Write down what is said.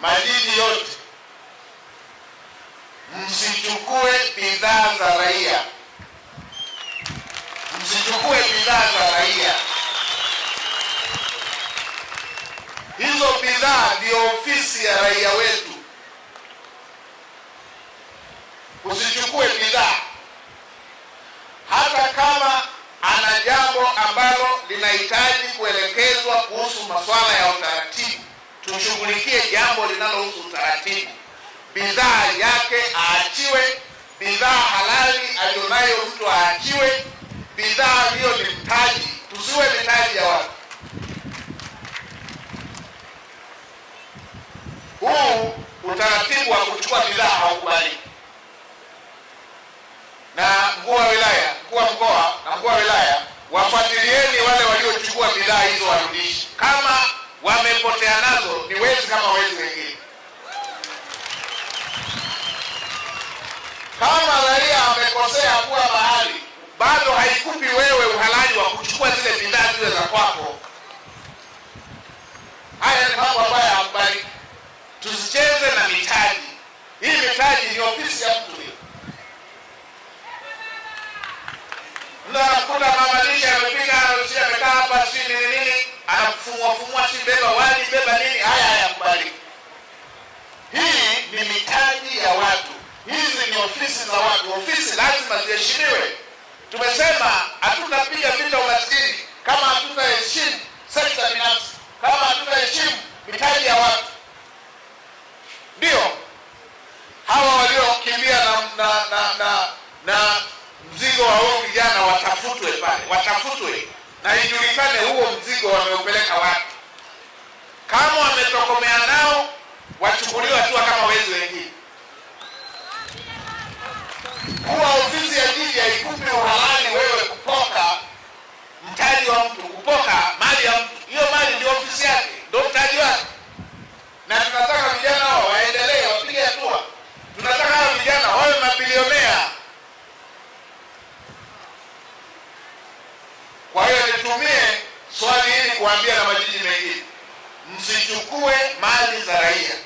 madini yote, msichukue bidhaa za raia, msichukue bidhaa za raia. Hizo bidhaa ndiyo ofisi ya raia wetu. Usichukue bidhaa, hata kama ana jambo ambalo linahitaji kuelekezwa kuhusu masuala ya utaratibu tushughulikie jambo linalohusu utaratibu. Bidhaa yake aachiwe, bidhaa halali aliyonayo mtu aachiwe, bidhaa hiyo ni mtaji, tusiwe mitaji ya watu. Huu utaratibu wa kuchukua bidhaa haukubaliki na mkuu wa wilaya Kama raia amekosea kuwa mahali bado haikupi wewe uhalali wa kuchukua zile bidhaa zile za kwako. Haya ni mambo ambayo hayakubaliki. Tusicheze na mitaji hii. Mitaji ni ofisi ya mtu hiyo. Mtu anakuta mama lishe amekaa hapa ofisi za watu, ofisi lazima ziheshimiwe. Tumesema hatutapiga vita umaskini kama hatutaheshimu sekta binafsi, kama hatutaheshimu mitaji ya watu. Ndio hawa waliokimbia na, na, na, na, na mzigo wa huo vijana watafutwe pale, watafutwe na ijulikane huo mzigo wameupeleka wapi. Kama wametokomea nao, wachukuliwe hatua kama wezi wengine kuwa ofisi ya jiji haikupi uhalali wewe kupoka mtaji wa mtu, kupoka mali ya mtu. Hiyo mali ndio ofisi yake, ndio mtaji wake, na tunataka vijana hao waendelee, wapige hatua. Tunataka hao vijana wawe mabilionea. Kwa hiyo nitumie swali hili kuambia na majiji mengine, msichukue mali za raia.